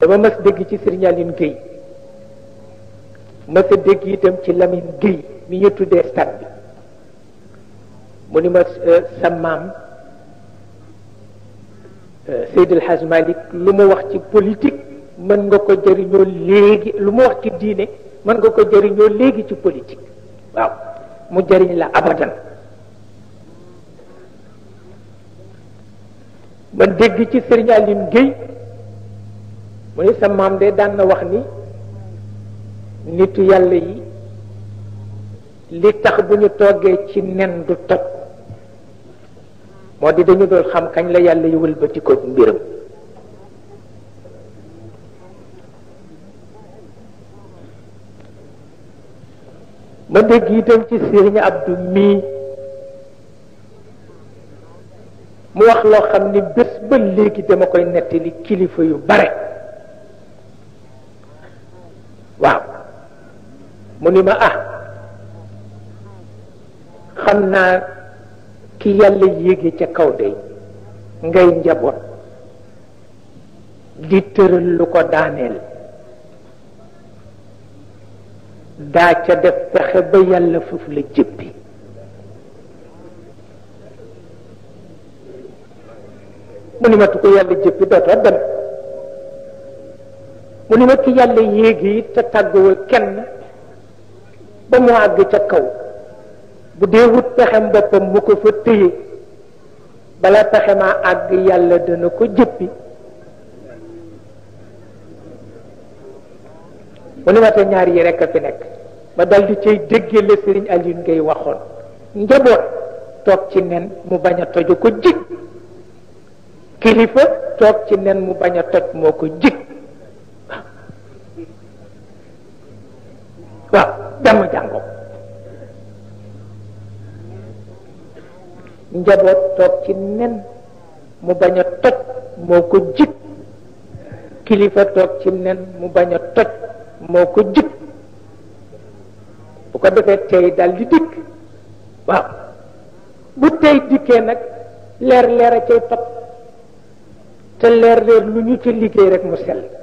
dama mas dégg ci Serigne Aline Gueye mas a dégg itam ci lamin Gueye mi ñu tuddee stade bi mu ni ma euh, sa maam euh, Seydi El lu mu wax ci politique mën nga ko jëriñoo léegi wax ci diine mën nga ko jëriñoo léegi ci politique waaw mu jariñ la abadan man dégg ci Serigne Aline mu ni sa maam de daan na wax ni nitu yàlla yi li tax bu ñu toggee ci nen du toj moo di dañu doon xam kañ la yàlla yi wëlbati ko mbiram ma dégg itam ci sëriñ abdu mii mu wax loo xam ni bés ba léegi dama koy nettali kilifa yu bare waaw mu ni ma a ah, xam naa ki yàlla yéege ca kawde ngay njaboot di tëral ko daaneel daa ca def pexe ba yàlla foofu la jëppi mu ni ma tu ko yàlla jëppi dootoo dem mu ni ma ki yàlla yéegi te tàggoo kenn ba mu àgg ca kaw bu dee wut pexem boppam mu ko fa téye bala pexe àgg yàlla dana ko jëppi mu ni ma te ñaar yi rekk a fi nekk ba dal di cay déggee la sëriñ Alioune ngay waxoon njaboot toog ci nen mu bañ a toju ko jig kilifa toog ci nen mu bañ a toj moo ko jig waaw jàmm jàngoo njaboot toog ci nen mu bañ a toj moo ko jig kilifa toog ci nen mu bañ a toj moo ko jig bu ko defee tey dal dikk waaw bu tey dikkee nag leer leer a cay topp te leer leer lu ñu ci liggéey rek mu sell